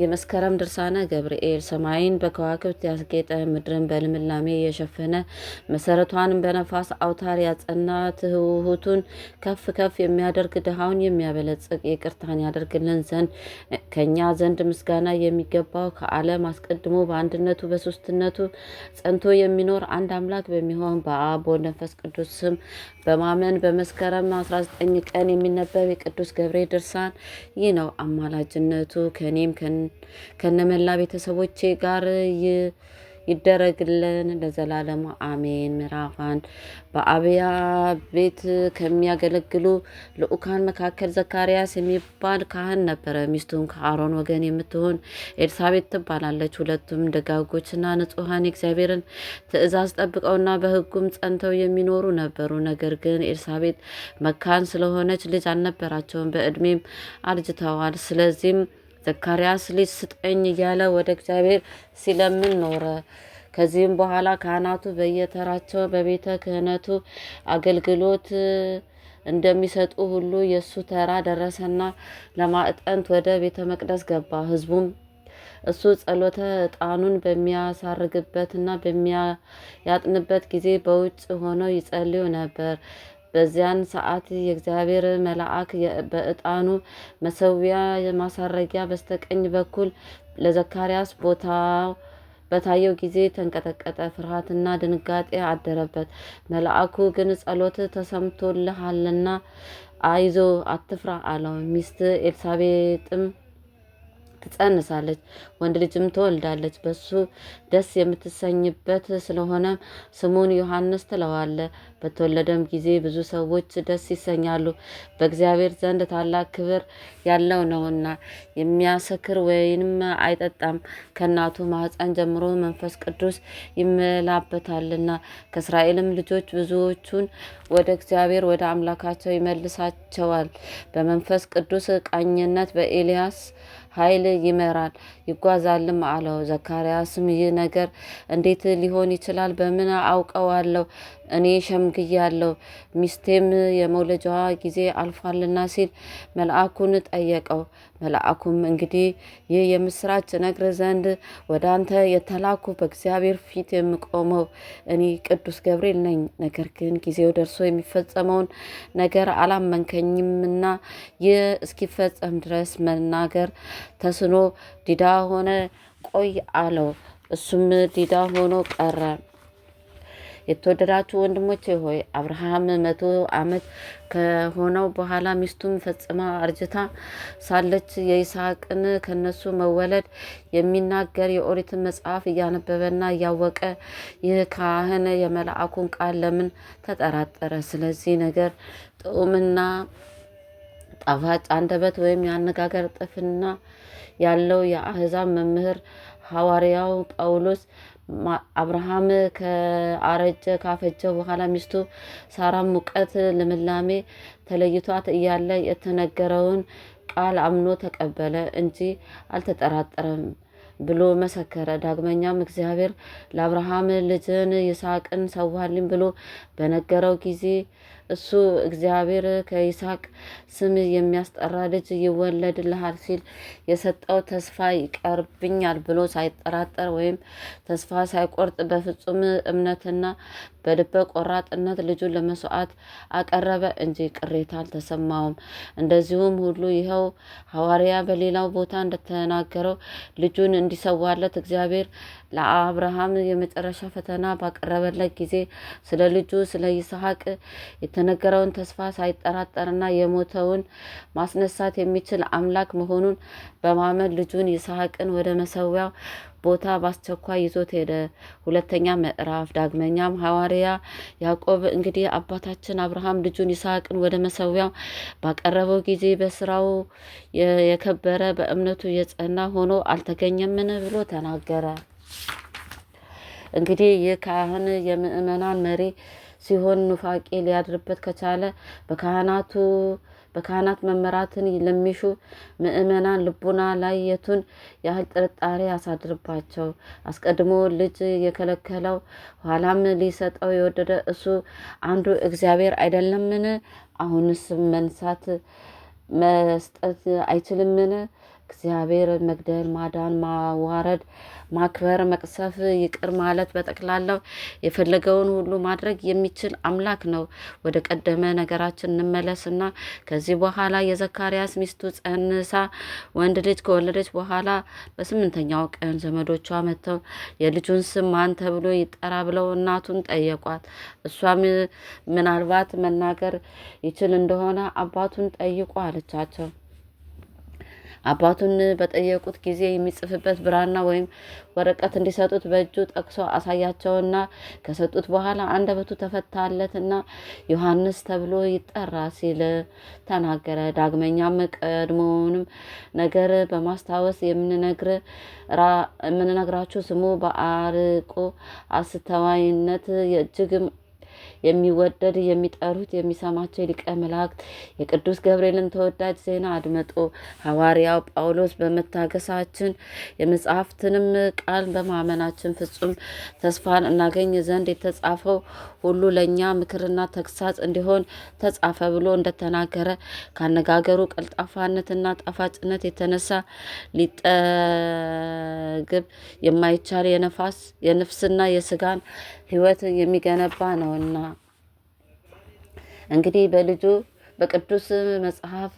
የመስከረም ድርሳነ ገብርኤል ሰማይን በከዋክብት ያስጌጠ ምድርን በልምላሜ የሸፈነ መሰረቷን በነፋስ አውታር ያጸና ትህውቱን ከፍ ከፍ የሚያደርግ ድሃውን የሚያበለጽግ ይቅርታን ያደርግልን ዘንድ ከእኛ ዘንድ ምስጋና የሚገባው ከዓለም አስቀድሞ በአንድነቱ በሶስትነቱ ጸንቶ የሚኖር አንድ አምላክ በሚሆን በአብ ወልድ ቅዱስ ስም በማመን በመስከረም 19 ቀን የሚነበብ የቅዱስ ገብርኤል ድርሳን ይህ ነው። አማላጅነቱ ከእኔም ከነ ከነመላ ቤተሰቦቼ ጋር ይደረግልን ለዘላለሙ አሜን። ምዕራፋን በአብያ ቤት ከሚያገለግሉ ልዑካን መካከል ዘካርያስ የሚባል ካህን ነበረ። ሚስቱም ከአሮን ወገን የምትሆን ኤልሳቤት ትባላለች። ሁለቱም ደጋጎችና ንጹሐን እግዚአብሔርን ትእዛዝ ጠብቀውና በሕጉም ጸንተው የሚኖሩ ነበሩ። ነገር ግን ኤልሳቤት መካን ስለሆነች ልጅ አልነበራቸውም፣ በእድሜም አርጅተዋል። ስለዚህም ዘካርያስ ልጅ ስጠኝ እያለ ወደ እግዚአብሔር ሲለምን ኖረ። ከዚህም በኋላ ካህናቱ በየተራቸው በቤተ ክህነቱ አገልግሎት እንደሚሰጡ ሁሉ የእሱ ተራ ደረሰና ለማዕጠንት ወደ ቤተ መቅደስ ገባ። ህዝቡም እሱ ጸሎተ ዕጣኑን በሚያሳርግበትና በሚያጥንበት ጊዜ በውጭ ሆነው ይጸልዩ ነበር። በዚያን ሰዓት የእግዚአብሔር መልአክ በዕጣኑ መሰዊያ ማሳረጊያ በስተቀኝ በኩል ለዘካርያስ ቦታ በታየው ጊዜ ተንቀጠቀጠ፣ ፍርሃትና ድንጋጤ አደረበት። መልአኩ ግን ጸሎት ተሰምቶልሃልና አይዞ አትፍራ አለው። ሚስት ኤልሳቤጥም ትጸንሳለች፣ ወንድ ልጅም ትወልዳለች። በሱ ደስ የምትሰኝበት ስለሆነ ስሙን ዮሐንስ ትለዋለ። በተወለደም ጊዜ ብዙ ሰዎች ደስ ይሰኛሉ፣ በእግዚአብሔር ዘንድ ታላቅ ክብር ያለው ነውና። የሚያሰክር ወይንም አይጠጣም፣ ከእናቱ ማኅፀን ጀምሮ መንፈስ ቅዱስ ይመላበታልና ከእስራኤልም ልጆች ብዙዎቹን ወደ እግዚአብሔር ወደ አምላካቸው ይመልሳቸዋል። በመንፈስ ቅዱስ ቃኝነት በኤልያስ ኃይል ይመራል ይጓዛልም አለው። ዘካርያስም ይህ ነገር እንዴት ሊሆን ይችላል? በምን አውቀዋለሁ? እኔ ሸምግያለሁ ሚስቴም የመውለጃዋ ጊዜ አልፏልና ሲል መልአኩን ጠየቀው። መልአኩም እንግዲህ ይህ የምስራች ነግር ዘንድ ወደ አንተ የተላኩ በእግዚአብሔር ፊት የምቆመው እኔ ቅዱስ ገብርኤል ነኝ። ነገር ግን ጊዜው ደርሶ የሚፈጸመውን ነገር አላመንከኝምና ይህ እስኪፈጸም ድረስ መናገር ተስኖ ዲዳ ሆነ ቆይ አለው። እሱም ዲዳ ሆኖ ቀረ። የተወደዳችሁ ወንድሞቼ ሆይ አብርሃም መቶ ዓመት ከሆነው በኋላ ሚስቱም ፈጽማ አርጅታ ሳለች የይስሐቅን ከነሱ መወለድ የሚናገር የኦሪትን መጽሐፍ እያነበበና እያወቀ ይህ ካህን የመልአኩን ቃል ለምን ተጠራጠረ? ስለዚህ ነገር ጥዑምና ጣፋጭ አንደበት ወይም የአነጋገር ጥፍና ያለው የአህዛብ መምህር ሐዋርያው ጳውሎስ አብርሃም ከአረጀ ካፈጀ በኋላ ሚስቱ ሳራ ሙቀት ልምላሜ ተለይቷት እያለ የተነገረውን ቃል አምኖ ተቀበለ እንጂ አልተጠራጠረም ብሎ መሰከረ። ዳግመኛም እግዚአብሔር ለአብርሃም ልጅን ይስሐቅን ሰዋልኝ ብሎ በነገረው ጊዜ እሱ እግዚአብሔር ከይስሐቅ ስም የሚያስጠራ ልጅ ይወለድልሃል ሲል የሰጠው ተስፋ ይቀርብኛል ብሎ ሳይጠራጠር ወይም ተስፋ ሳይቆርጥ በፍጹም እምነትና በልበ ቆራጥነት ልጁን ለመስዋዕት አቀረበ እንጂ ቅሬታ አልተሰማውም። እንደዚሁም ሁሉ ይኸው ሐዋርያ በሌላው ቦታ እንደተናገረው ልጁን እንዲሰዋለት እግዚአብሔር ለአብርሃም የመጨረሻ ፈተና ባቀረበለት ጊዜ ስለ ልጁ ስለ ይስሐቅ የተነገረውን ተስፋ ሳይጠራጠርና የሞተውን ማስነሳት የሚችል አምላክ መሆኑን በማመን ልጁን ይስሐቅን ወደ መሰዊያው ቦታ በአስቸኳይ ይዞት ሄደ። ሁለተኛ ምዕራፍ። ዳግመኛም ሐዋርያ ያዕቆብ እንግዲህ አባታችን አብርሃም ልጁን ይስሐቅን ወደ መሰዊያው ባቀረበው ጊዜ በስራው የከበረ በእምነቱ የጸና ሆኖ አልተገኘምን ብሎ ተናገረ። እንግዲህ ይህ ካህን የምእመናን መሪ ሲሆን ኑፋቄ ሊያድርበት ከቻለ በካህናቱ በካህናት መመራትን ለሚሹ ምእመናን ልቡና ላይ የቱን ያህል ጥርጣሬ ያሳድርባቸው። አስቀድሞ ልጅ የከለከለው ኋላም ሊሰጠው የወደደ እሱ አንዱ እግዚአብሔር አይደለምን? አሁንስ መንሳት መስጠት አይችልምን? እግዚአብሔር መግደል፣ ማዳን፣ ማዋረድ፣ ማክበር፣ መቅሰፍ፣ ይቅር ማለት በጠቅላላው የፈለገውን ሁሉ ማድረግ የሚችል አምላክ ነው። ወደ ቀደመ ነገራችን እንመለስና ከዚህ በኋላ የዘካርያስ ሚስቱ ጸንሳ ወንድ ልጅ ከወለደች በኋላ በስምንተኛው ቀን ዘመዶቿ መጥተው የልጁን ስም ማን ተብሎ ይጠራ ብለው እናቱን ጠየቋት። እሷም ምናልባት መናገር ይችል እንደሆነ አባቱን ጠይቁ አለቻቸው። አባቱን በጠየቁት ጊዜ የሚጽፍበት ብራና ወይም ወረቀት እንዲሰጡት በእጁ ጠቅሶ አሳያቸውና ከሰጡት በኋላ አንደበቱ ተፈታለትና ዮሐንስ ተብሎ ይጠራ ሲል ተናገረ። ዳግመኛም ቀድሞውንም ነገር በማስታወስ የምንነግራችሁ ስሙ በአርቆ አስተዋይነት የእጅግም የሚወደድ የሚጠሩት የሚሰማቸው ሊቀ መላእክት የቅዱስ ገብርኤልን ተወዳጅ ዜና አድምጦ ሐዋርያው ጳውሎስ በመታገሳችን የመጽሐፍትንም ቃል በማመናችን ፍጹም ተስፋን እናገኝ ዘንድ የተጻፈው ሁሉ ለእኛ ምክርና ተግሳጽ እንዲሆን ተጻፈ ብሎ እንደተናገረ ካነጋገሩ ቀልጣፋነትና ጣፋጭነት የተነሳ ሊጠግብ የማይቻል የነፋስ የነፍስና የስጋን ህይወት የሚገነባ ነውና እንግዲህ በልጁ በቅዱስ መጽሐፍ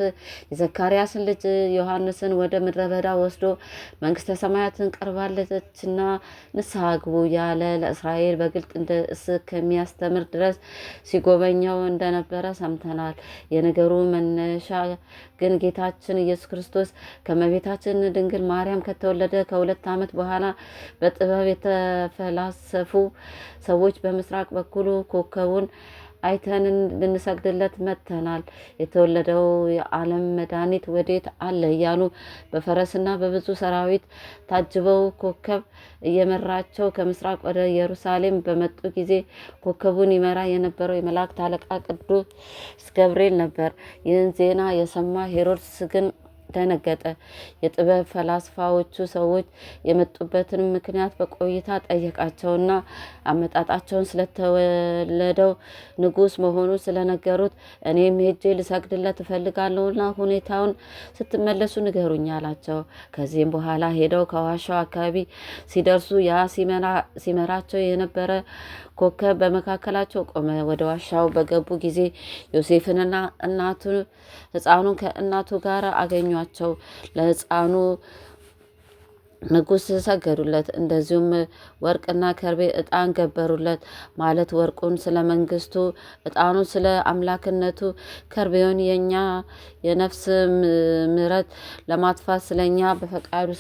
የዘካርያስን ልጅ ዮሐንስን ወደ ምድረ በዳ ወስዶ መንግስተ ሰማያትን ቀርባለችና ንስሐ ግቡ ያለ ለእስራኤል በግልጥ እንደ እስከሚያስተምር ድረስ ሲጎበኘው እንደነበረ ሰምተናል። የነገሩ መነሻ ግን ጌታችን ኢየሱስ ክርስቶስ ከመቤታችን ድንግል ማርያም ከተወለደ ከሁለት ዓመት በኋላ በጥበብ የተፈላሰፉ ሰዎች በምስራቅ በኩሉ ኮከቡን አይተን ልንሰግድለት መጥተናል። የተወለደው የዓለም መድኃኒት ወዴት አለ? እያሉ በፈረስና በብዙ ሰራዊት ታጅበው ኮከብ እየመራቸው ከምስራቅ ወደ ኢየሩሳሌም በመጡ ጊዜ ኮከቡን ይመራ የነበረው የመላእክት አለቃ ቅዱስ ገብርኤል ነበር። ይህን ዜና የሰማ ሄሮድስ ግን ደነገጠ። የጥበብ ፈላስፋዎቹ ሰዎች የመጡበትን ምክንያት በቆይታ ጠየቃቸውና አመጣጣቸውን ስለተወለደው ንጉስ መሆኑ ስለነገሩት እኔም ሄጄ ልሰግድለት እፈልጋለሁና ሁኔታውን ስትመለሱ ንገሩኝ አላቸው። ከዚህም በኋላ ሄደው ከዋሻው አካባቢ ሲደርሱ ያ ሲመራቸው የነበረ ኮከብ በመካከላቸው ቆመ። ወደ ዋሻው በገቡ ጊዜ ዮሴፍንና እናቱ ሕፃኑን ከእናቱ ጋር አገኟቸው። ለህፃኑ ንጉስ ሰገዱለት። እንደዚሁም ወርቅና ከርቤ እጣን ገበሩለት። ማለት ወርቁን ስለ መንግስቱ፣ እጣኑ ስለ አምላክነቱ፣ ከርቤውን የእኛ የነፍስ ምረት ለማጥፋት ስለኛ በፈቃዱ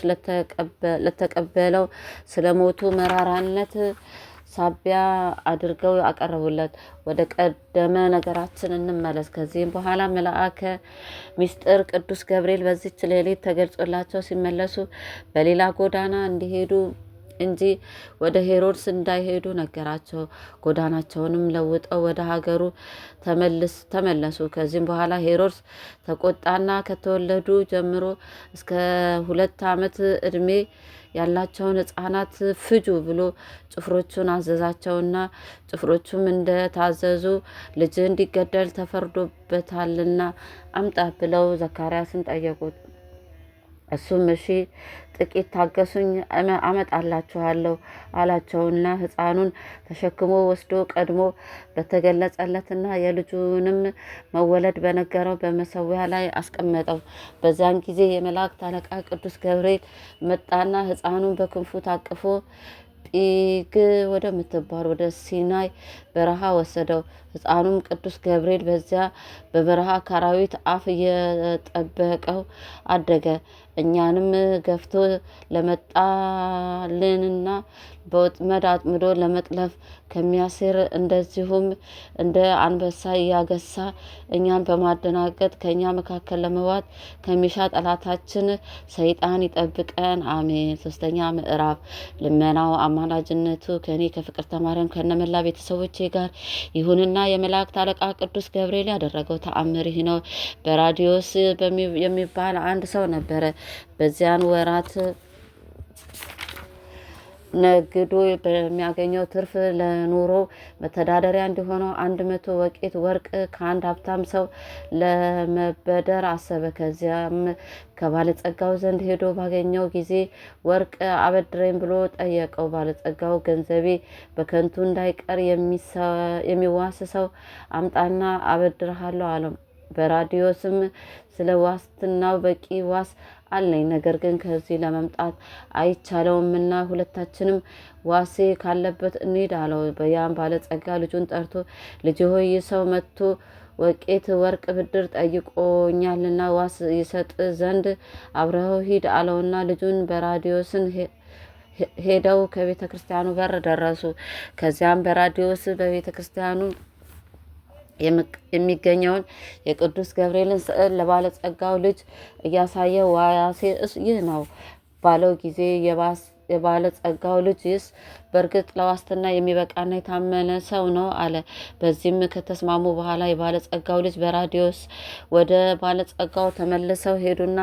ለተቀበለው ስለ ሞቱ መራራነት ሳቢያ አድርገው አቀረቡለት። ወደ ቀደመ ነገራችን እንመለስ። ከዚህም በኋላ መልአከ ሚስጥር ቅዱስ ገብርኤል በዚች ሌሊት ተገልጾላቸው ሲመለሱ በሌላ ጎዳና እንዲሄዱ እንጂ ወደ ሄሮድስ እንዳይሄዱ ነገራቸው። ጎዳናቸውንም ለውጠው ወደ ሀገሩ ተመለሱ። ከዚህም በኋላ ሄሮድስ ተቆጣና ከተወለዱ ጀምሮ እስከ ሁለት ዓመት እድሜ ያላቸውን ህጻናት ፍጁ ብሎ ጭፍሮቹን አዘዛቸውና ጭፍሮቹም እንደታዘዙ ልጅ እንዲገደል ተፈርዶበታልና አምጣ ብለው ዘካርያስን ጠየቁት። እሱም እሺ ጥቂት ታገሱኝ አመጣላችኋለሁ አላቸውና ሕፃኑን ተሸክሞ ወስዶ ቀድሞ በተገለጸለትና የልጁንም መወለድ በነገረው በመሰዊያ ላይ አስቀመጠው። በዚያን ጊዜ የመላእክት አለቃ ቅዱስ ገብርኤል መጣና ሕፃኑን በክንፉ ታቅፎ ጲግ ወደምትባል ወደ ሲናይ በረሃ ወሰደው። ህፃኑም ቅዱስ ገብርኤል በዚያ በበረሃ ከአራዊት አፍ እየጠበቀው አደገ። እኛንም ገፍቶ ለመጣልንና በወጥመድ አጥምዶ ለመጥለፍ ከሚያስር እንደዚሁም እንደ አንበሳ እያገሳ እኛን በማደናገጥ ከእኛ መካከል ለመዋት ከሚሻ ጠላታችን ሰይጣን ይጠብቀን። አሜን። ሶስተኛ ምዕራፍ ልመናው አማላጅነቱ ከእኔ ከፍቅር ማርያም ከነመላ ቤተሰቦቼ ጋር ይሁንና የመላእክት አለቃ ቅዱስ ገብርኤል ያደረገው ተአምር ይህ ነው። በራዲዮስ የሚባል አንድ ሰው ነበረ። በዚያን ወራት ነግዶ በሚያገኘው ትርፍ ለኑሮ መተዳደሪያ እንዲሆነው አንድ መቶ ወቄት ወርቅ ከአንድ ሀብታም ሰው ለመበደር አሰበ። ከዚያም ከባለጸጋው ዘንድ ሄዶ ባገኘው ጊዜ ወርቅ አበድረኝ ብሎ ጠየቀው። ባለጸጋው ገንዘቤ በከንቱ እንዳይቀር የሚዋስሰው አምጣና አበድርሃለሁ አለው። በራዲዮስም ስለ ዋስትናው በቂ ዋስ አለኝ። ነገር ግን ከዚህ ለመምጣት አይቻለውምና ሁለታችንም ዋሴ ካለበት እንሂድ አለው። በያም ባለጸጋ ልጁን ጠርቶ ልጅ ሆይ ሰው መጥቶ ወቄት ወርቅ ብድር ጠይቆኛልና ዋስ ይሰጥ ዘንድ አብረኸው ሂድ አለውና ልጁን በራዲዮስን ሄደው ከቤተ ክርስቲያኑ በር ደረሱ። ከዚያም በራዲዮስ በቤተ ክርስቲያኑ የሚገኘውን የቅዱስ ገብርኤልን ስዕል ለባለጸጋው ልጅ እያሳየ ዋያሴ ይህ ነው ባለው ጊዜ የባለጸጋው ይስ በእርግጥ ለዋስትና የሚበቃና የታመነ ሰው ነው አለ። በዚህም ከተስማሙ በኋላ የባለጸጋው ልጅ በራዲዮስ ወደ ባለጸጋው ተመልሰው ሄዱና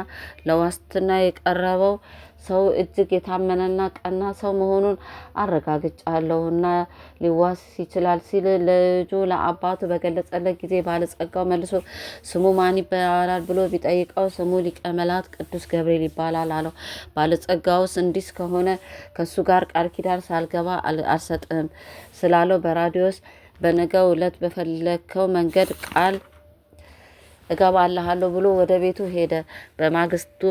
ለዋስትና የቀረበው ሰው እጅግ የታመነና ቀና ሰው መሆኑን እና ሊዋስ ይችላል ሲል ልጁ ለአባቱ በገለጸለት ጊዜ ባለጸጋው መልሶ ስሙ ማን ይባላል ብሎ ቢጠይቀው ስሙ ሊቀ መላእክት ቅዱስ ገብርኤል ይባላል አለው። ባለጸጋውስ እንዲስ ከሆነ ከእሱ ጋር ቃል ኪዳን ሳልገባ አልሰጥም ስላለው በራዲዮስ በነገው ዕለት በፈለከው መንገድ ቃል እገባልሃለሁ ብሎ ወደ ቤቱ ሄደ። በማግስቱ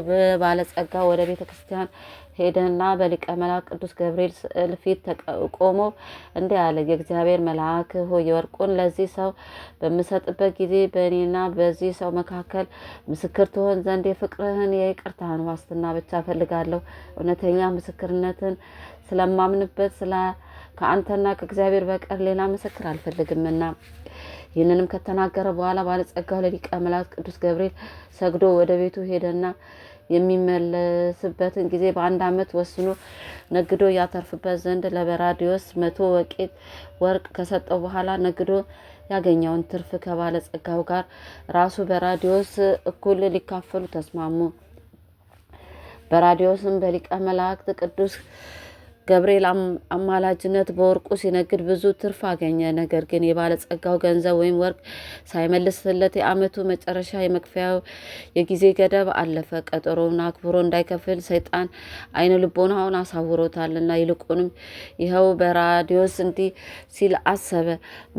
ባለጸጋ ወደ ቤተ ክርስቲያን ሄደና በሊቀ መልአክ ቅዱስ ገብርኤል ስዕል ፊት ቆሞ እንዲህ አለ፣ የእግዚአብሔር መልአክ ሆይ የወርቁን ለዚህ ሰው በምሰጥበት ጊዜ በእኔና በዚህ ሰው መካከል ምስክር ትሆን ዘንድ የፍቅርህን የይቅርታህን ዋስትና ብቻ ፈልጋለሁ። እውነተኛ ምስክርነትን ስለማምንበት ስለ ከአንተና ከእግዚአብሔር በቀር ሌላ ምስክር አልፈልግምና ይህንንም ከተናገረ በኋላ ባለጸጋው ለሊቀ መላእክት ቅዱስ ገብርኤል ሰግዶ ወደ ቤቱ ሄደና የሚመለስበትን ጊዜ በአንድ ዓመት ወስኖ ነግዶ ያተርፍበት ዘንድ ለበራዲዮስ መቶ ወቄት ወርቅ ከሰጠው በኋላ ነግዶ ያገኘውን ትርፍ ከባለጸጋው ጋር ራሱ በራዲዮስ እኩል ሊካፈሉ ተስማሙ። በራዲዮስም በሊቀ መላእክት ቅዱስ ገብርኤል አማላጅነት በወርቁ ሲነግድ ብዙ ትርፍ አገኘ። ነገር ግን የባለጸጋው ገንዘብ ወይም ወርቅ ሳይመልስለት የዓመቱ መጨረሻ የመክፈያው የጊዜ ገደብ አለፈ። ቀጠሮውን አክብሮ እንዳይከፍል ሰይጣን አይነ ልቦናውን አሳውሮታልና ይልቁንም ይኸው በራዲዮስ እንዲህ ሲል አሰበ።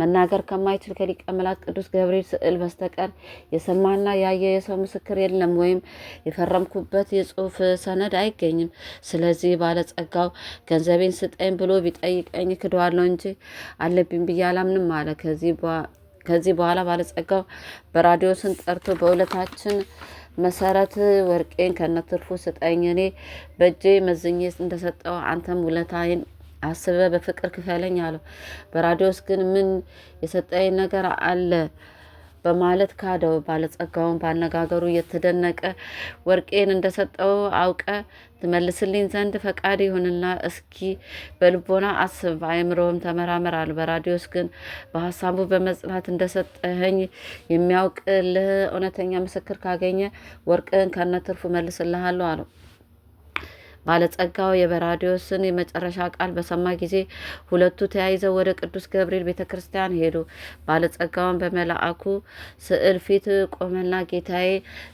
መናገር ከማይችል ከሊቀ መላእክት ቅዱስ ገብርኤል ስዕል በስተቀር የሰማና ያየ የሰው ምስክር የለም፣ ወይም የፈረምኩበት የጽሑፍ ሰነድ አይገኝም። ስለዚህ ባለጸጋው ገንዘቤን ስጠኝ ብሎ ቢጠይቀኝ ክደዋለሁ እንጂ አለብኝ ብዬ አላምንም አለ። ከዚህ በኋላ ባለጸጋው በራዲዮስን ጠርቶ በውለታችን መሰረት ወርቄን ከነትርፉ ስጠኝ፣ እኔ በእጄ መዝኜ እንደሰጠው አንተም ውለታይን አስበ በፍቅር ክፈለኝ አለው። በራዲዮስ ግን ምን የሰጠኝ ነገር አለ በማለት ካደው። ባለጸጋውን ባነጋገሩ እየተደነቀ ወርቄን እንደሰጠው አውቀ ትመልስልኝ ዘንድ ፈቃድ ይሁንና እስኪ በልቦና አስብ፣ ተመራመር ተመራመራል። በራዲዮስ ግን በሀሳቡ በመጽናት እንደሰጠኸኝ የሚያውቅልህ እውነተኛ ምስክር ካገኘ ወርቅን ከነትርፉ መልስልሃለሁ አለው። ባለጸጋው የበራዲዮስን የመጨረሻ ቃል በሰማ ጊዜ ሁለቱ ተያይዘው ወደ ቅዱስ ገብርኤል ቤተ ክርስቲያን ሄዱ። ባለጸጋውን በመልአኩ ስዕል ፊት ቆመና ጌታዬ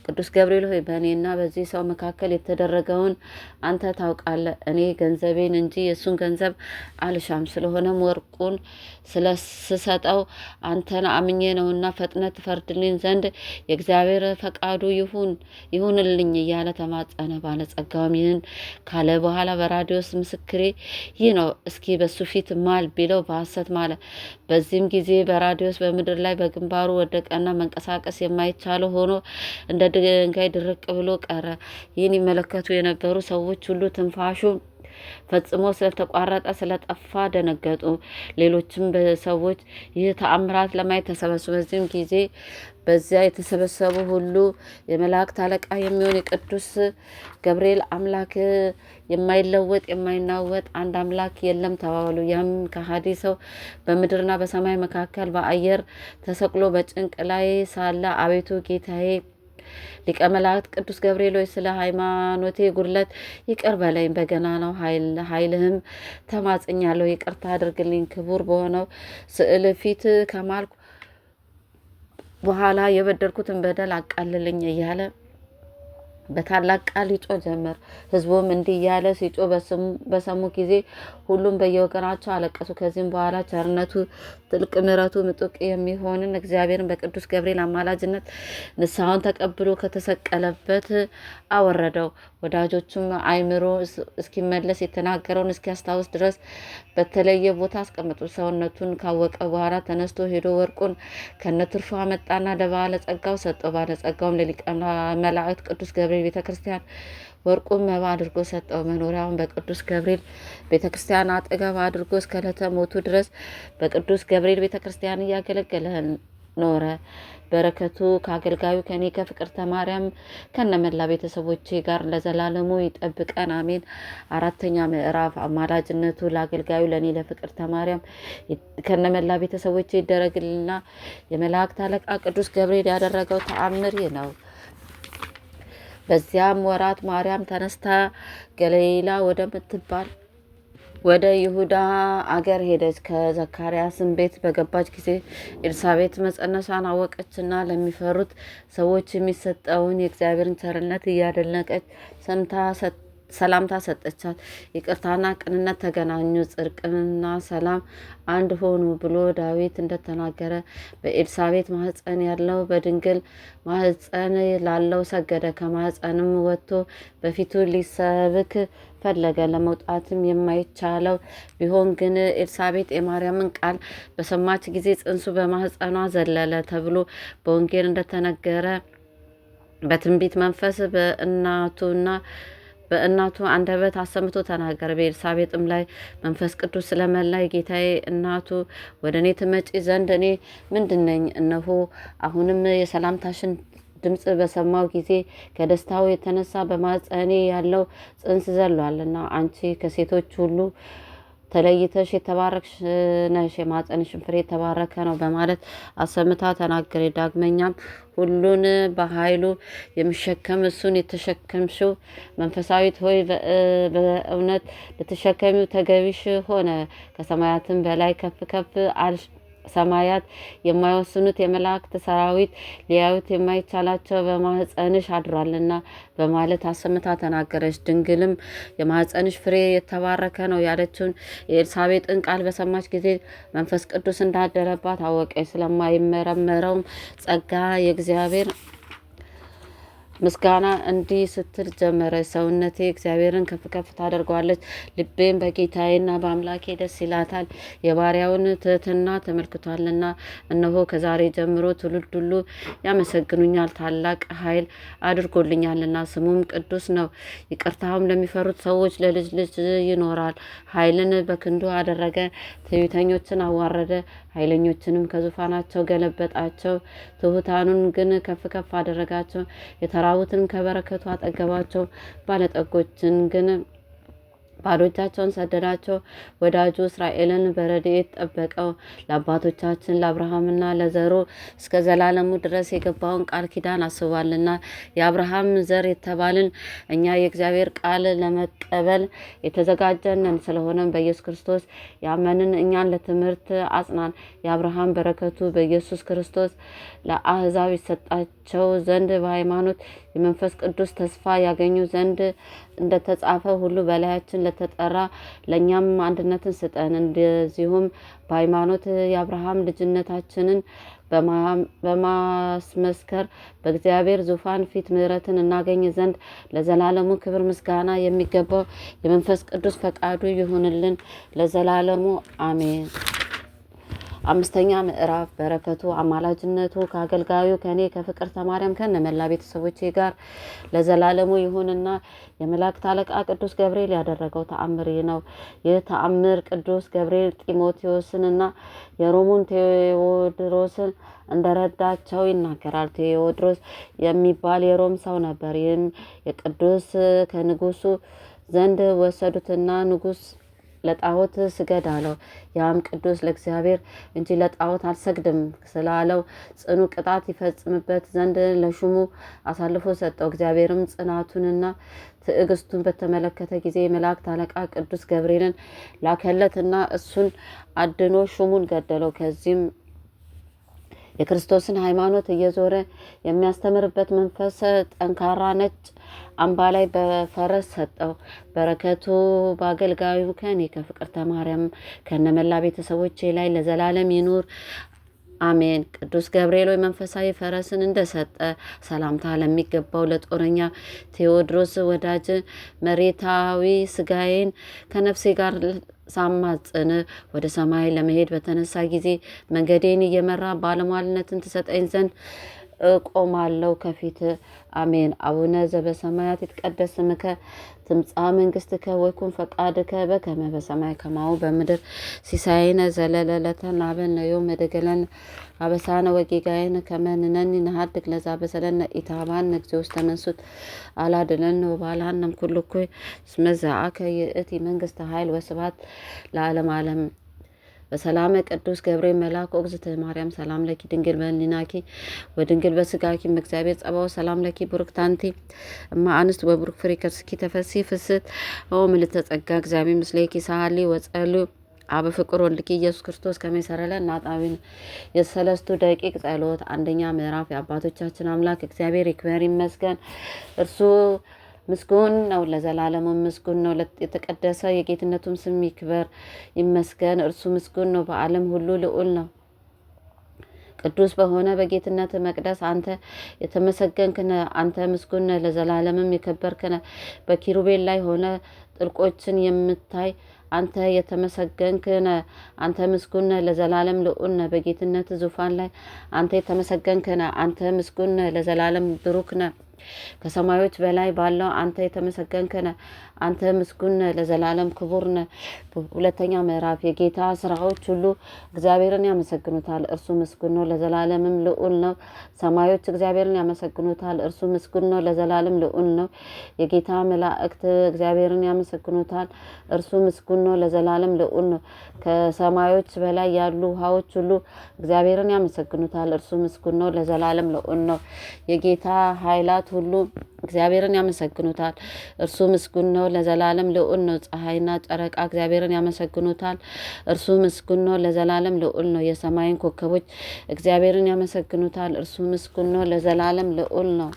ቅዱስ ገብርኤል ሆይ በእኔና በዚህ ሰው መካከል የተደረገውን አንተ ታውቃለህ። እኔ ገንዘቤን እንጂ የእሱን ገንዘብ አልሻም። ስለሆነም ወርቁን ስለስሰጠው አንተን አምኜ ነውና ፈጥነት ፈርድልኝ ዘንድ የእግዚአብሔር ፈቃዱ ይሁንልኝ እያለ ተማጸነ። ባለጸጋውም ይህን ካለ በኋላ በራዲዮስ ምስክሬ ይህ ነው፣ እስኪ በሱ ፊት ማል ቢለው በሐሰት ማለ። በዚህም ጊዜ በራዲዮስ በምድር ላይ በግንባሩ ወደቀና መንቀሳቀስ የማይቻለው ሆኖ እንደ ድንጋይ ድርቅ ብሎ ቀረ። ይህን ይመለከቱ የነበሩ ሰዎች ሁሉ ትንፋሹ ፈጽሞ ስለተቋረጠ ስለጠፋ ደነገጡ። ሌሎችም ሰዎች ይህ ተአምራት ለማየት ተሰበሱ። በዚህም ጊዜ በዚያ የተሰበሰቡ ሁሉ የመላእክት አለቃ የሚሆን የቅዱስ ገብርኤል አምላክ የማይለወጥ የማይናወጥ አንድ አምላክ የለም ተባባሉ። ያም ከሀዲ ሰው በምድርና በሰማይ መካከል በአየር ተሰቅሎ በጭንቅ ላይ ሳለ አቤቱ ጌታዬ ሊቀ መላእክት ቅዱስ ገብርኤል ሆይ ስለ ሃይማኖቴ ጉድለት ይቅር በለኝ፣ በገና ነው ኃይልህም ተማጽኛለሁ። ይቅርታ አድርግልኝ። ክቡር በሆነው ስዕል ፊት ከማልኩ በኋላ የበደልኩትን በደል አቃልልኝ እያለ በታላቅ ቃል ይጮ ጀመር። ህዝቡም እንዲህ እያለ ሲጮ በሰሙ ጊዜ ሁሉም በየወገናቸው አለቀሱ። ከዚህም በኋላ ቸርነቱ ጥልቅ ምሕረቱ ምጡቅ የሚሆንን እግዚአብሔርን በቅዱስ ገብርኤል አማላጅነት ንስሐውን ተቀብሎ ከተሰቀለበት አወረደው። ወዳጆቹም አይምሮ እስኪመለስ የተናገረውን እስኪያስታውስ ድረስ በተለየ ቦታ አስቀምጡ። ሰውነቱን ካወቀ በኋላ ተነስቶ ሄዶ ወርቁን ከነትርፎ አመጣና ለባለጸጋው ሰጠው። ባለጸጋውም ለሊቀ መላእክት ቅዱስ ገብርኤል ገብርኤል ቤተ ክርስቲያን ወርቁን መባ አድርጎ ሰጠው። መኖሪያውን በቅዱስ ገብርኤል ቤተ ክርስቲያን አጠገብ አድርጎ እስከ ዕለተ ሞቱ ድረስ በቅዱስ ገብርኤል ቤተ ክርስቲያን እያገለገለ ኖረ። በረከቱ ከአገልጋዩ ከኔ ከፍቅርተ ማርያም ከነመላ ቤተሰቦቼ ጋር ለዘላለሙ ይጠብቀን፣ አሜን። አራተኛ ምዕራፍ አማላጅነቱ ለአገልጋዩ ለእኔ ለፍቅርተ ማርያም ከነመላ ቤተሰቦቼ ይደረግልና የመላእክት አለቃ ቅዱስ ገብርኤል ያደረገው ተአምር ይህ ነው። በዚያም ወራት ማርያም ተነስታ ገሊላ ወደምትባል ወደ ይሁዳ አገር ሄደች። ከዘካርያስም ቤት በገባች ጊዜ ኤልሳቤጥ መጸነሷን አወቀችና ለሚፈሩት ሰዎች የሚሰጠውን የእግዚአብሔርን ቸርነት እያደነቀች ሰምታ ሰላምታ ሰጠቻት። ይቅርታና ቅንነት ተገናኙ፣ ጽርቅና ሰላም አንድ ሆኑ ብሎ ዳዊት እንደተናገረ በኤልሳቤት ማህፀን ያለው በድንግል ማህፀን ላለው ሰገደ። ከማህፀንም ወጥቶ በፊቱ ሊሰብክ ፈለገ። ለመውጣትም የማይቻለው ቢሆን ግን ኤልሳቤጥ የማርያምን ቃል በሰማች ጊዜ ጽንሱ በማህፀኗ ዘለለ ተብሎ በወንጌል እንደተነገረ በትንቢት መንፈስ በእናቱና በእናቱ አንደበት አሰምቶ ተናገረ። በኤልሳቤጥም ላይ መንፈስ ቅዱስ ስለመላይ ጌታዬ እናቱ ወደ እኔ ትመጪ ዘንድ እኔ ምንድን ነኝ? እነሆ አሁንም የሰላምታሽን ድምፅ በሰማው ጊዜ ከደስታው የተነሳ በማጸኔ ያለው ጽንስ ዘሏልና አንቺ ከሴቶች ሁሉ ተለይተሽ የተባረክሽ ነሽ፣ የማፀንሽን ፍሬ የተባረከ ነው በማለት አሰምታ ተናገሬ። ዳግመኛም ሁሉን በኃይሉ የሚሸከም እሱን የተሸከምሽው መንፈሳዊት ሆይ በእውነት ልትሸከሚው ተገቢሽ ሆነ፣ ከሰማያትም በላይ ከፍ ከፍ አልሽ። ሰማያት የማይወስኑት የመላእክት ሰራዊት ሊያዩት የማይቻላቸው በማህፀንሽ አድሯልና በማለት አሰምታ ተናገረች። ድንግልም የማህፀንሽ ፍሬ የተባረከ ነው ያለችውን የኤልሳቤጥን ቃል በሰማች ጊዜ መንፈስ ቅዱስ እንዳደረባት አወቀች። ስለማይመረመረውም ጸጋ የእግዚአብሔር ምስጋና እንዲህ ስትል ጀመረ ሰውነቴ እግዚአብሔርን ከፍ ከፍ ታደርጓለች፣ ልቤም በጌታዬና በአምላኬ ደስ ይላታል። የባሪያውን ትህትና ተመልክቷልና፣ እነሆ ከዛሬ ጀምሮ ትውልድ ሁሉ ያመሰግኑኛል። ታላቅ ኃይል አድርጎልኛልና፣ ስሙም ቅዱስ ነው። ይቅርታውም ለሚፈሩት ሰዎች ለልጅ ልጅ ይኖራል። ኃይልን በክንዱ አደረገ፣ ትዕቢተኞችን አዋረደ፣ ኃይለኞችንም ከዙፋናቸው ገለበጣቸው፣ ትሑታኑን ግን ከፍ ከፍ አደረጋቸው። የተራቡትን ከበረከቱ አጠገባቸው፣ ባለጠጎችን ግን ባዶቻቸውን ሰደዳቸው። ወዳጁ እስራኤልን በረድኤት ጠበቀው። ለአባቶቻችን ለአብርሃምና ለዘሩ እስከ ዘላለሙ ድረስ የገባውን ቃል ኪዳን አስቧልና የአብርሃም ዘር የተባልን እኛ የእግዚአብሔር ቃል ለመቀበል የተዘጋጀንን ስለሆነም በኢየሱስ ክርስቶስ ያመንን እኛን ለትምህርት አጽናን። የአብርሃም በረከቱ በኢየሱስ ክርስቶስ ለአህዛብ ይሰጣቸው ዘንድ በሃይማኖት የመንፈስ ቅዱስ ተስፋ ያገኙ ዘንድ እንደተጻፈ ሁሉ በላያችን ለተጠራ ለእኛም አንድነትን ስጠን። እንደዚሁም በሃይማኖት የአብርሃም ልጅነታችንን በማስመስከር በእግዚአብሔር ዙፋን ፊት ምሕረትን እናገኝ ዘንድ ለዘላለሙ ክብር ምስጋና የሚገባው የመንፈስ ቅዱስ ፈቃዱ ይሁንልን ለዘላለሙ አሜን። አምስተኛ ምዕራፍ በረከቱ አማላጅነቱ ከአገልጋዩ ከእኔ ከፍቅርተ ማርያም ከነ መላ ቤተሰቦቼ ጋር ለዘላለሙ ይሁንና የመላእክት አለቃ ቅዱስ ገብርኤል ያደረገው ተአምር ይህ ነው። ይህ ተአምር ቅዱስ ገብርኤል ጢሞቴዎስንና የሮሙን ቴዎድሮስን እንደረዳቸው ይናገራል። ቴዎድሮስ የሚባል የሮም ሰው ነበር። ይህም የቅዱስ ከንጉሱ ዘንድ ወሰዱትና ንጉስ ለጣዖት ስገድ አለው። ያም ቅዱስ ለእግዚአብሔር እንጂ ለጣዖት አልሰግድም ስላለው ጽኑ ቅጣት ይፈጽምበት ዘንድ ለሹሙ አሳልፎ ሰጠው። እግዚአብሔርም ጽናቱንና ትዕግስቱን በተመለከተ ጊዜ መላእክት አለቃ ቅዱስ ገብርኤልን ላከለትና እሱን አድኖ ሹሙን ገደለው። ከዚህም የክርስቶስን ሃይማኖት እየዞረ የሚያስተምርበት መንፈስ ጠንካራ ነጭ አምባ ላይ በፈረስ ሰጠው። በረከቱ በአገልጋዩ ከኔ ከፍቅርተ ማርያም ከነመላ ቤተሰቦቼ ላይ ለዘላለም ይኑር አሜን። ቅዱስ ገብርኤል ሆይ መንፈሳዊ ፈረስን እንደሰጠ ሰላምታ ለሚገባው ለጦረኛ ቴዎድሮስ ወዳጅ መሬታዊ ስጋዬን ከነፍሴ ጋር ሳማጽን ወደ ሰማይ ለመሄድ በተነሳ ጊዜ መንገዴን እየመራ ባለሟልነትን ትሰጠኝ ዘንድ እቆማለሁ ከፊት አሜን። አቡነ ዘበሰማያት ይትቀደስ ስምከ ትምጻእ መንግስትከ ወይኩን ፈቃድከ በከመ በሰማይ ከማሁ በምድር ሲሳይነ ዘለለዕለትነ ሀበነ ዮም ወኅድግ አበሳነ ወጌጋየነ ከመ ንሕነኒ ንኅድግ ለዘአበሰለነ ኢታብአነ እግዚኦ ውስተ መንሱት አላድለነ ወባልሐነ እምኩሉ ኩይ እስመ ዘአከ ይእቲ መንግስተ ኃይል ወስብሐት ለዓለመ ዓለም በሰላመ ቅዱስ ገብርኤል መልአክ እግዝእተ ማርያም ሰላም ለኪ ድንግል በሊናኪ ወድንግል በስጋኪ እግዚአብሔር ጸባው ሰላም ለኪ ብሩክት አንቲ እማ አንስት ወብሩክ ፍሬ ከርስኪ ተፈሲ ፍስት ኦ ምልዕተ ጸጋ እግዚአብሔር ምስሌኪ ሳሊ ወጸሉ አብ ፍቅር ወልድኪ ኢየሱስ ክርስቶስ ከመሰረለ እናጣዊን የሰለስቱ ደቂቅ ጸሎት አንደኛ ምዕራፍ የአባቶቻችን አምላክ እግዚአብሔር ይክበር ይመስገን እርሱ ምስጉን ነው ለዘላለሙ ምስጉን ነው። የተቀደሰ የጌትነቱም ስም ይክበር ይመስገን። እርሱ ምስጉን ነው፣ በዓለም ሁሉ ልዑል ነው። ቅዱስ በሆነ በጌትነት መቅደስ አንተ የተመሰገንክነ አንተ ምስጉን ለዘላለምም የከበርክነ በኪሩቤል ላይ ሆነ ጥልቆችን የምታይ አንተ የተመሰገንክነ አንተ ምስጉን ለዘላለም ልዑልነ በጌትነት ዙፋን ላይ አንተ የተመሰገንክነ አንተ ምስጉን ለዘላለም ብሩክነ ከሰማዮች በላይ ባለው አንተ የተመሰገንክ ነህ። አንተ ምስጉን ለዘላለም ክቡር ሁለተኛ ምዕራፍ የጌታ ስራዎች ሁሉ እግዚአብሔርን ያመሰግኑታል፣ እርሱ ምስጉን ነው ለዘላለምም ልዑል ነው። ሰማዮች እግዚአብሔርን ያመሰግኑታል፣ እርሱ ምስጉን ነው ለዘላለም ልዑል ነው። የጌታ መላእክት እግዚአብሔርን ያመሰግኑታል፣ እርሱ ምስጉን ነው ለዘላለም ልዑል ነው። ከሰማዮች በላይ ያሉ ውሃዎች ሁሉ እግዚአብሔርን ያመሰግኑታል፣ እርሱ ምስጉን ነው ለዘላለም ልዑል ነው። የጌታ ኃይላት ሁሉ እግዚአብሔርን ያመሰግኑታል፣ እርሱ ምስጉን ነው ለዘላለም ልዑል ነው። ፀሐይና ጨረቃ እግዚአብሔርን ያመሰግኑታል። እርሱ ምስጉን ነው፣ ለዘላለም ልዑል ነው። የሰማይን ኮከቦች እግዚአብሔርን ያመሰግኑታል። እርሱ ምስጉን ነው፣ ለዘላለም ልዑል ነው።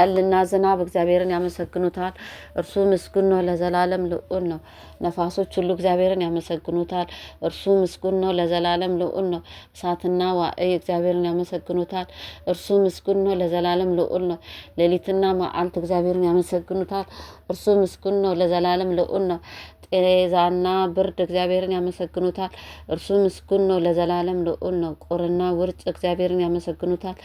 ጠልና ዝናብ እግዚአብሔርን ያመሰግኑታል። እርሱ ምስጉን ነው፣ ለዘላለም ልዑል ነው። ነፋሶች ሁሉ እግዚአብሔርን ያመሰግኑታል። እርሱ ምስጉን ነው ለዘላለም ልዑል ነው። እሳትና ዋእይ እግዚአብሔርን ያመሰግኑታል። እርሱ ምስጉን ነው ለዘላለም ልዑል ነው። ሌሊትና መዓልት እግዚአብሔርን ያመሰግኑታል። እርሱ ምስጉን ነው ለዘላለም ልዑል ነው። ጤዛና ብርድ እግዚአብሔርን ያመሰግኑታል። እርሱ ምስጉን ነው ለዘላለም ልዑል ነው። ቁርና ውርጭ እግዚአብሔርን ያመሰግኑታል።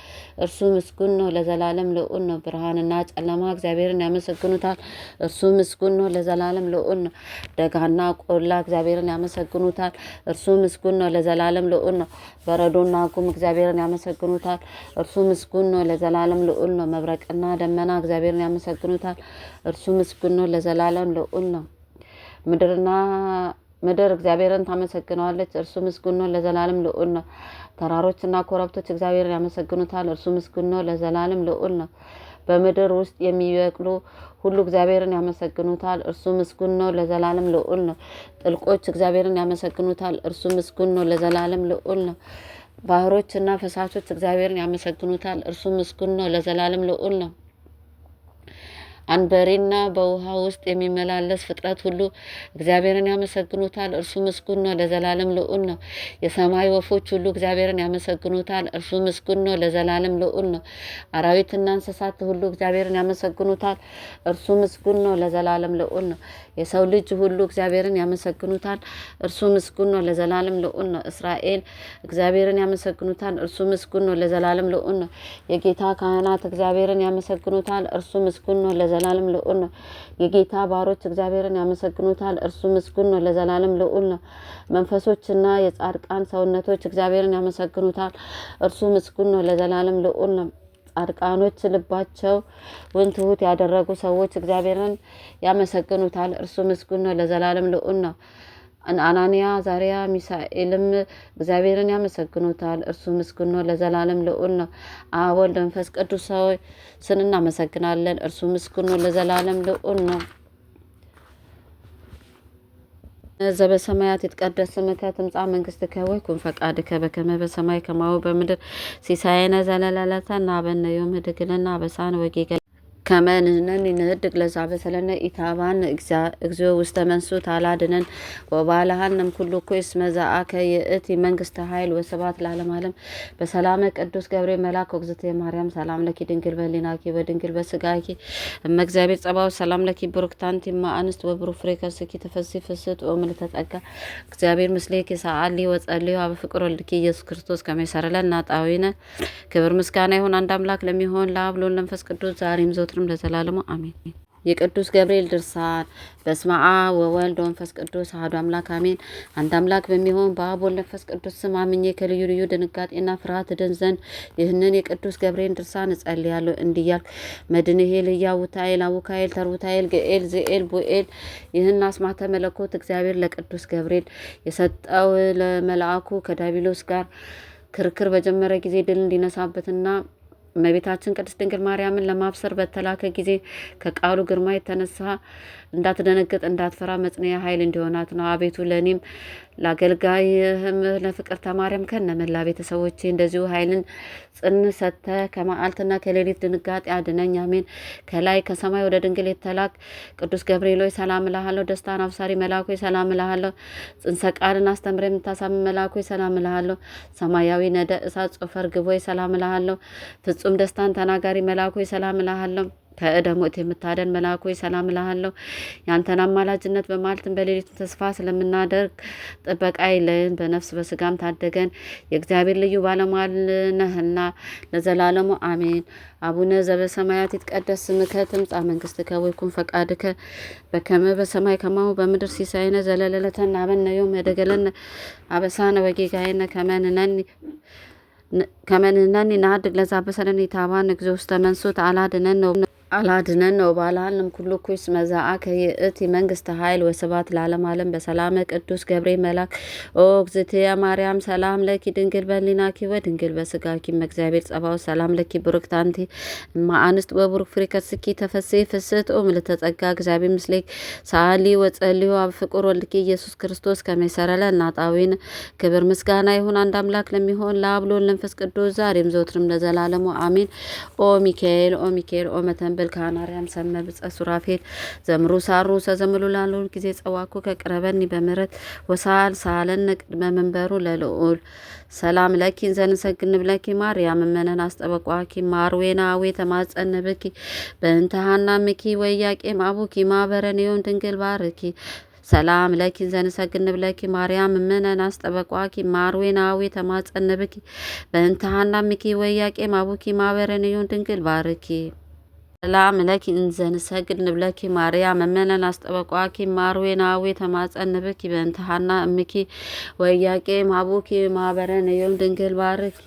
እርሱ ምስጉን ነው ለዘላለም ልዑል ነው። ብርሃንና ጨለማ እግዚአብሔርን ያመሰግኑታል። እርሱ ምስጉን ነው ለዘላለም ልዑል ነው። ደጋና ቆላ እግዚአብሔርን ያመሰግኑታል። እርሱ ምስጉን ነው ለዘላለም ልዑል ነው። በረዶና ጉም እግዚአብሔርን ያመሰግኑታል። እርሱ ምስጉን ነው ለዘላለም ልዑል ነው። መብረቅና ደመና እግዚአብሔርን ያመሰግኑታል። እርሱ ምስጉን ነው ለዘላለም ልዑል ነው። ምድርና ምድር እግዚአብሔርን ታመሰግነዋለች። እርሱ ምስጉን ነው ለዘላለም ልዑል ነው። ተራሮችና ኮረብቶች እግዚአብሔርን ያመሰግኑታል። እርሱ ምስጉን ነው ለዘላለም ልዑል ነው። በምድር ውስጥ የሚበቅሉ ሁሉ እግዚአብሔርን ያመሰግኑታል፣ እርሱ ምስጉን ነው ለዘላለም ልዑል ነው። ጥልቆች እግዚአብሔርን ያመሰግኑታል፣ እርሱ ምስጉን ነው ለዘላለም ልዑል ነው። ባህሮችና ፈሳሾች እግዚአብሔርን ያመሰግኑታል፣ እርሱ ምስጉን ነው ለዘላለም ልዑል ነው። አንበሪና በውሃ ውስጥ የሚመላለስ ፍጥረት ሁሉ እግዚአብሔርን ያመሰግኑታል፣ እርሱ ምስጉን ነው፣ ለዘላለም ልዑል ነው። የሰማይ ወፎች ሁሉ እግዚአብሔርን ያመሰግኑታል፣ እርሱ ምስጉን ነው፣ ለዘላለም ልዑል ነው። አራዊትና እንስሳት ሁሉ እግዚአብሔርን ያመሰግኑታል፣ እርሱ ምስጉን ነው፣ ለዘላለም ልዑል ነው። የሰው ልጅ ሁሉ እግዚአብሔርን ያመሰግኑታል፣ እርሱ ምስጉን ነው፣ ለዘላለም ልዑል ነው። እስራኤል እግዚአብሔርን ያመሰግኑታል፣ እርሱ ምስጉን ነው፣ ለዘላለም ልዑል ነው። የጌታ ካህናት እግዚአብሔርን ያመሰግኑታል፣ እርሱ ምስጉን ነው ለዘላለም ልዑል ነው። የጌታ ባሮች እግዚአብሔርን ያመሰግኑታል፣ እርሱ ምስጉን ነው፣ ለዘላለም ልዑል ነው። መንፈሶችና የጻድቃን ሰውነቶች እግዚአብሔርን ያመሰግኑታል፣ እርሱ ምስጉን ነው፣ ለዘላለም ልዑል ነው። ጻድቃኖች ልባቸውን ትሑት ያደረጉ ሰዎች እግዚአብሔርን ያመሰግኑታል፣ እርሱ ምስጉን ነው፣ ለዘላለም ልዑል ነው። አናንያ ዛሪያ ሚሳኤልም እግዚአብሔርን ያመሰግኑታል። እርሱ ምስጉን ነው ለዘላለም ልዑል ነው። አብ ወልድ መንፈስ ቅዱስ ስን እናመሰግናለን። እርሱ ምስጉን ነው ለዘላለም ልዑል ነው። ዘበሰማያት ይትቀደስ ስምከ ትምጻእ መንግስትከ ወይኩን ፈቃድከ በከመ በሰማይ ከማሁ በምድር ሲሳየነ ዘለለዕለትነ ሀበነ ዮም ህድግ ለነ አበሳነ ወጌገ ከመ ንህድግ ለዛ በተለነ ኢታባን እግዚኦ ውስተ መንሱ ታላድነን ወባልሃንም ኩሉ ኮይስ መዛአከ የእት መንግስተ ሀይል ወሰባት ላለም አለም በሰላመ ቅዱስ ገብሬ መላክ ወግዝእትየ የማርያም ሰላም ለኪ ድንግል በሊናኪ ወድንግል በስጋኪ እመ ጸባው ሰላም ለኪ ብሩክታንቲ ማአንስት ወብሩ ፍሬ ከርሥኪ ተፈሲ ፍስሕት ወምልዕተ ተጸጋ እግዚአብሔር ምስሌኪ ሰአሊ ወጸልዩ አብ ፍቅር ወልድኪ ኢየሱስ ክርስቶስ ከመሰረለ እናጣዊነ ክብር ምስጋና ይሁን አንድ አምላክ ለሚሆን ለአብ ለወልድ ለመንፈስ ቅዱስ ዛሬም ዘወትር ዘወትርም ለዘላለሙ አሜን። የቅዱስ ገብርኤል ድርሳን። በስመ አብ ወወልድ ወመንፈስ ቅዱስ አሐዱ አምላክ አሜን። አንድ አምላክ በሚሆን በአብ ወልድ መንፈስ ቅዱስ ስም አምኜ ከልዩ ልዩ ድንጋጤና ፍርሃት ድን ዘንድ ይህንን የቅዱስ ገብርኤል ድርሳን እጸልያለሁ እንዲህ እያልኩ መድንሄል፣ እያውታኤል፣ አቡካኤል፣ ተርቡታኤል፣ ግኤል፣ ዝኤል፣ ቡኤል ይህን አስማተ መለኮት እግዚአብሔር ለቅዱስ ገብርኤል የሰጠው ለመልአኩ ከዳቢሎስ ጋር ክርክር በጀመረ ጊዜ ድል እንዲነሳበትና እመቤታችን ቅድስት ድንግል ማርያምን ለማብሰር በተላከ ጊዜ ከቃሉ ግርማ የተነሳ እንዳትደነግጥ እንዳትፈራ መጽንያ ኃይል እንዲሆናት ነው። አቤቱ ለእኔም ለአገልጋይህም ለፍቅር ተማርያም ከነመላ ቤተሰቦቼ እንደዚሁ ኃይልን ጽን ሰተ ከመዓልትና ከሌሊት ድንጋጤ አድነኝ። አሜን። ከላይ ከሰማይ ወደ ድንግል የተላክ ቅዱስ ገብርኤል ሆይ ሰላም እልሃለሁ። ደስታን አብሳሪ መልአክ ሆይ ሰላም እልሃለሁ። ጽንሰ ቃልን አስተምረ የምታሳም መልአክ ሆይ ሰላም እልሃለሁ። ሰማያዊ ነደ እሳት ጾፈር ግቦ ሰላም እልሃለሁ። ፍጹም ደስታን ተናጋሪ መልአክ ሆይ ሰላም እልሃለሁ። ከእደሞት የምታደን መልአክ ሰላም እልሃለሁ። ያንተን አማላጅነት በማለትም በሌሊቱ ተስፋ ስለምናደርግ ጥበቃ ይለህን በነፍስ በስጋም ታደገን። የእግዚአብሔር ልዩ ባለሟል ነህና ለዘላለሙ አሜን። አቡነ ዘበሰማያት ይትቀደስ ስምከ ትምጻእ መንግስትከ ወይኩን ፈቃድከ በከመ በሰማይ ከማሁ በምድር ሲሳይነ ዘለለለተን ሀበነ ዮም ኅድግ ለነ አበሳነ ወጌጋየነ ከመ ንሕነኒ ከመ ንሕነኒ ንኅድግ ለዘ አበሰ ለነ ኢታብአነ እግዚኦ ውስተ መንሱት አላድነን ነው አላድነን ነው ባልሃልም ኩሉ ኩስ መዛአከ የእቲ መንግስተ ኃይል ወስባት ለዓለም ዓለም በሰላም ቅዱስ ገብርኤል መልአክ ኦ እግዝእትየ ማርያም ሰላም ለኪ ድንግል በሊናኪ ወድንግል በስጋኪ መእግዚአብሔር ጸባው ሰላም ለኪ ብሩክት አንቲ እማአንስት ወቡሩክ ፍሬ ከርስኪ ተፈስሒ ፍስት ኦ ምልዕተ ጸጋ እግዚአብሔር ምስሌኪ ሰአሊ ወጸልዩ አብ ፍቁር ወልድኪ ኢየሱስ ክርስቶስ ከመ ይሰረይ ለነ ኃጣውኢነ ክብር ምስጋና ይሁን አንድ አምላክ ለሚሆን ለአብ ለወልድ ለመንፈስ ቅዱስ ዛሬም ዘወትርም ለዘላለሙ አሜን ኦ ሚካኤል ኦ ሚካኤል ኦ መተንበ ብልካን አርያም ሰመ ብፀ ሱራፌል ዘምሩ ሳሩ ሰዘምሉ ላሉን ጊዜ ጸዋኩ ከቅረበኒ በምረት ወሳል ሳለን ቅድመ መንበሩ ለልዑል ሰላም ለኪን ዘንሰግን ብለኪ ማርያም መነን አስጠበቋኪ ተማጸን ብኪ በእንትሃና ምኪ ወያቄ ማቡኪ ማበረኔዮን ድንግል ባርኪ ሰላም ለኪን ዘንሰግን ብለኪ ማርያም ምነን አስጠበቋኪ ተማጸን ብኪ በእንትሃና ምኪ ወያቄ ማቡኪ ማበረንዩን ድንግል ባርኪ ሰላም ለኪ እንዘንሰግድ ንብለኪ ማርያም እምነን አስጠበቋኪ ናዊ ተማጸንብኪ ንብኪ ሐና እምኪ ወያቄ ማቡኪ ማህበረን ዮም ድንግል ባርኪ